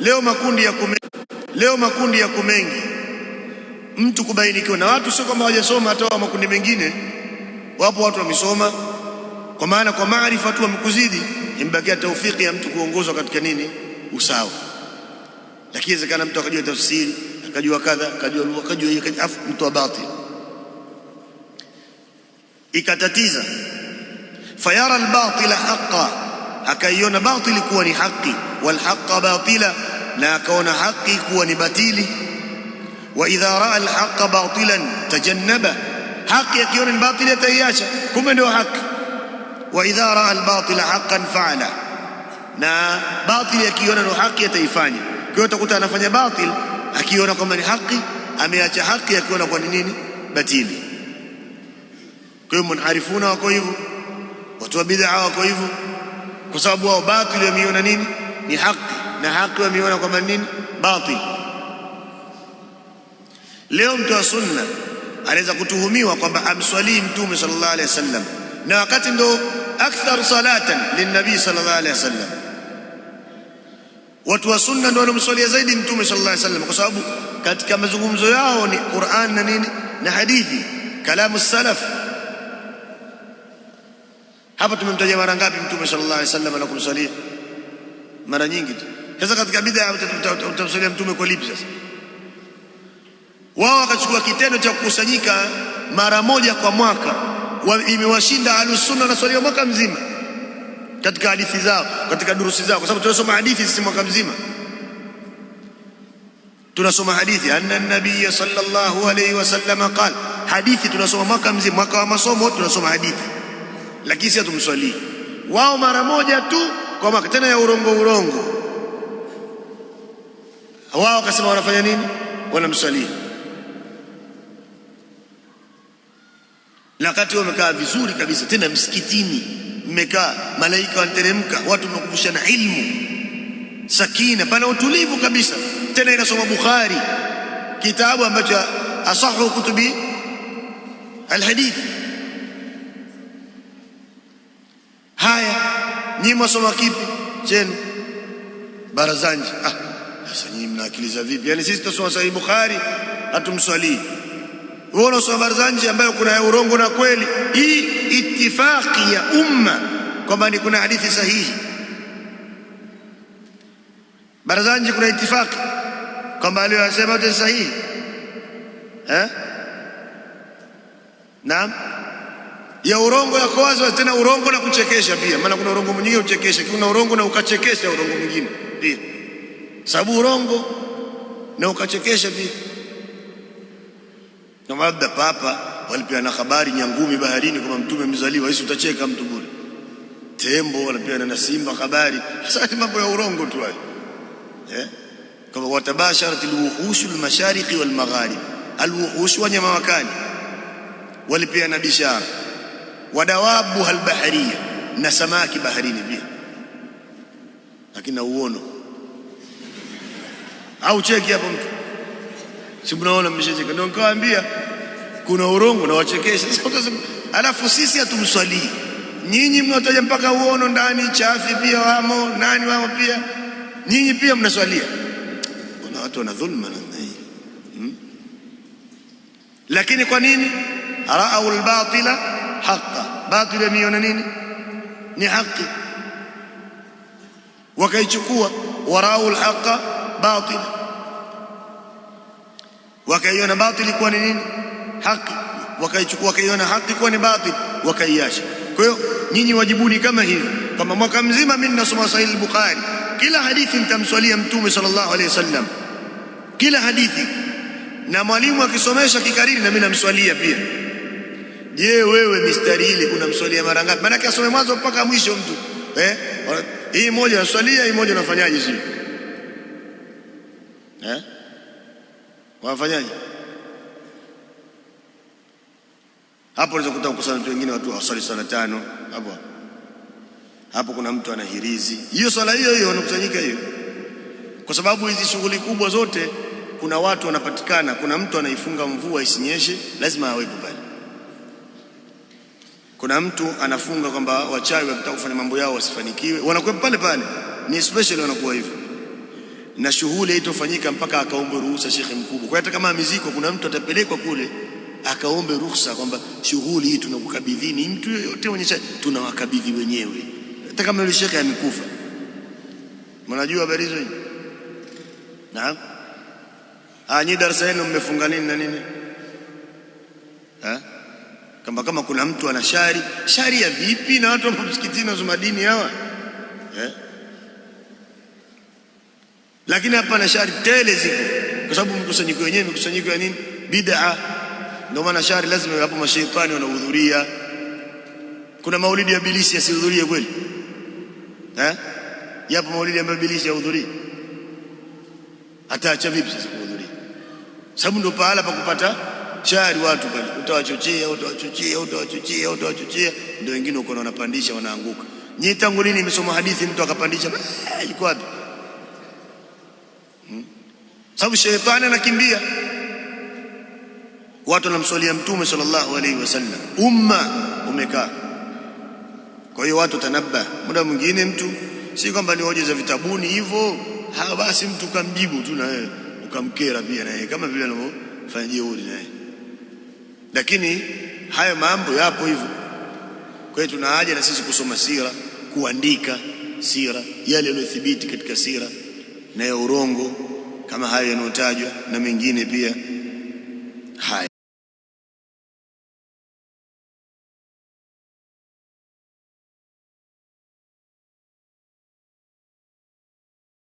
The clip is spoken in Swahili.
Leo makundi yako leo makundi yako mengi, mtu kubainikiwa na watu, sio kwamba hawajasoma. Hata wa makundi mengine wapo watu wamesoma, kwa maana kwa maarifa tu wamekuzidi. Imbakia taufiki ya mtu kuongozwa katika nini, usawa. Lakini inawezekana mtu akajua tafsiri, akajua kadha, akajua lugha, akajua afu mtu wa batil ikatatiza fayara albatila haqa, akaiona batili kuwa ni haqi walhaqa batila na akaona haki kuwa ni batili. Wa idha raa alhaqa batilan tajannaba, haki akiona ni batili ataiacha, kumbe ndio haki. Wa idha raa albatila haqqan faala, na batili akiona ndio haki ataifanya. Kwa hiyo utakuta anafanya batil akiona kwamba ni haki, ameacha haki akiona kwa ni nini batili. Kwa hiyo munharifuna wako hivyo, watu wa bid'a wako hivyo, kwa sababu wao batili wameiona nini ni haki na haki wameiona kwamba nini batil. Leo mtu wa sunna anaweza kutuhumiwa kwamba amswalii mtume sallallahu alaihi wasallam, na wakati ndo akthar salatan linnabii sallallahu alaihi wasallam. Watu wa sunna ndo wanamswalia zaidi mtume sallallahu alaihi wasallam, kwa sababu katika mazungumzo yao ni Qur'an na nini na hadithi, kalamu salaf. Hapa tumemtaja mara ngapi mtume sallallahu alaihi wasallam na kumswalia? Mara nyingi tu. Sasa katika bid'a utamsalia mtume kwa lipi? Sasa wao wakachukua kitendo cha kukusanyika mara moja kwa mwaka, imewashinda ahlusunna wanaswaliwa mwaka mzima katika hadithi zao, katika durusi zao, kwa sababu tunasoma hadithi sisi mwaka mzima tunasoma hadithi anna nabiya sallallahu alayhi wasallam qala, hadithi tunasoma mwaka mzima, mwaka wa masomo tunasoma hadithi, lakini si hatumswalii wao mara moja tu kwa mwaka, tena ya urongo urongo wao wakasema wanafanya nini? Wanamswalia na wakati wamekaa vizuri kabisa, tena msikitini mmekaa, malaika wanateremka, watu mnakumbushana ilmu, sakina, pana utulivu kabisa. Tena inasoma Bukhari, kitabu ambacho asahu kutubi alhadith. Haya, nyinyi mwasoma kipi chenu? Barazanji ah. Sasa nyinyi mnaakiliza vipi? Yaani sisi tunasoma Sahihi Bukhari hatumswalii, wewe unasoma Barzanji ambayo kuna urongo na kweli. Hii itifaki ya umma kwamba ni kuna hadithi sahihi barazanji, kuna itifaki kwamba aliyoyasema yote ni sahihi eh? Naam, ya urongo ya wazi tena, urongo na kuchekesha pia, maana kuna urongo mwingine uchekesha, kuna urongo na ukachekesha, urongo mwingine pia sababu urongo na ukachekesha pia. Kama labda papa walipeana na habari nyangumi baharini kwamba mtume mzaliwa, hisi utacheka mtu bure. Tembo walipewa na simba habari. Sasa ni mambo ya urongo tu hayo eh, kama watabasharat alwuhushu almashariqi walmagharib, alwuhushu wanyama wakali walipeana na bishara, wadawabu halbahariya na samaki baharini pia, lakini na uono au cheki hapo mtu, si mnaona mmeshacheka. Ndio nikawaambia kuna urongo na wachekesha. Alafu sisi hatumswalii nyinyi, mnataja mpaka uono ndani, chafi pia wamo, nani wamo pia, nyinyi pia mnaswalia. Kuna watu wana dhulma namna hii hmm? Lakini kwa nini raau lbatila haqa, batila imeiona nini ni haqi, wakaichukua warau lhaqa batili, wakaiona batili kuwa ni nini haki, wakaiona haki kuwa ni batili, wakaiacha. Kwa hiyo nyinyi wajibuni kama hivi, kama mwaka mzima mimi nasoma Sahihi al-Bukhari, kila hadithi nitamswalia Mtume sallallahu alaihi wasallam, kila hadithi, na mwalimu akisomesha kikariri, na mimi namswalia pia. Je, wewe mistari ile unamswalia mara ngapi? Maanake asome mwanzo mpaka mwisho mtu eh? Hii moja unaswalia, hii moja unafanyaje? sio eh, wanafanyaje hapo? Unaweza kukuta kukusanya watu wengine, watu hawasali swala tano hapo hapo. Kuna mtu anahirizi hiyo swala hiyo hiyo, wanakusanyika hiyo, kwa sababu hizi shughuli kubwa zote kuna watu wanapatikana. Kuna mtu anaifunga mvua isinyeshe, lazima awepo pale. Kuna mtu anafunga kwamba wachawi wakitaka kufanya mambo yao wasifanikiwe, wanakuwa pale pale, ni special wanakuwa hivyo na shughuli haitofanyika mpaka akaombe ruhusa shekhe mkubwa. Kwa hata kama miziko, kuna mtu atapelekwa kule akaombe ruhusa kwamba shughuli hii tunakukabidhini, mtu yoyote onyesha, tunawakabidhi wenyewe, hata kama yule shekhe amekufa. Mnajua habari hizo? Naam. Ah, nyi darasa yenu mmefunga nini na nini? Kama kama kuna mtu ana shari shari ya vipi na watu wa msikitini na zumadini hawa eh? Lakini hapa na shari tele ziko, kwa sababu mkusanyiko wenyewe mkusanyiko ya nini? Bid'a. Ndio maana shari lazima hapo, mashaitani wanahudhuria. Kuna maulidi ya bilisi yasihudhurie kweli eh? Yapo maulidi ambayo bilisi yahudhurie, ataacha vipi sasa kuhudhuria? Sababu ndio pahala pa kupata shari. Watu pale utawachochea, utawachochea, utawachochea, utawachochea, ndio wengine uko wanapandisha, wanaanguka. Nyinyi tangu lini imesoma hadithi mtu akapandisha? Eh, yuko wapi? sababu sheitani anakimbia. Watu wanamswalia Mtume sallallahu alaihi wasallam, umma umekaa. Kwa hiyo watu tanabba, muda mwingine mtu si kwamba ni hoja za vitabuni hivyo, ha basi mtu kamjibu tu na wewe ukamkera pia na yeye kama vile anavyofanya jeuri na yeye, lakini hayo mambo yapo hivyo. Kwa hiyo tuna haja na sisi kusoma sira, kuandika sira, yale yaliyothibiti katika sira na ya urongo kama hayo yanayotajwa na mengine pia haya.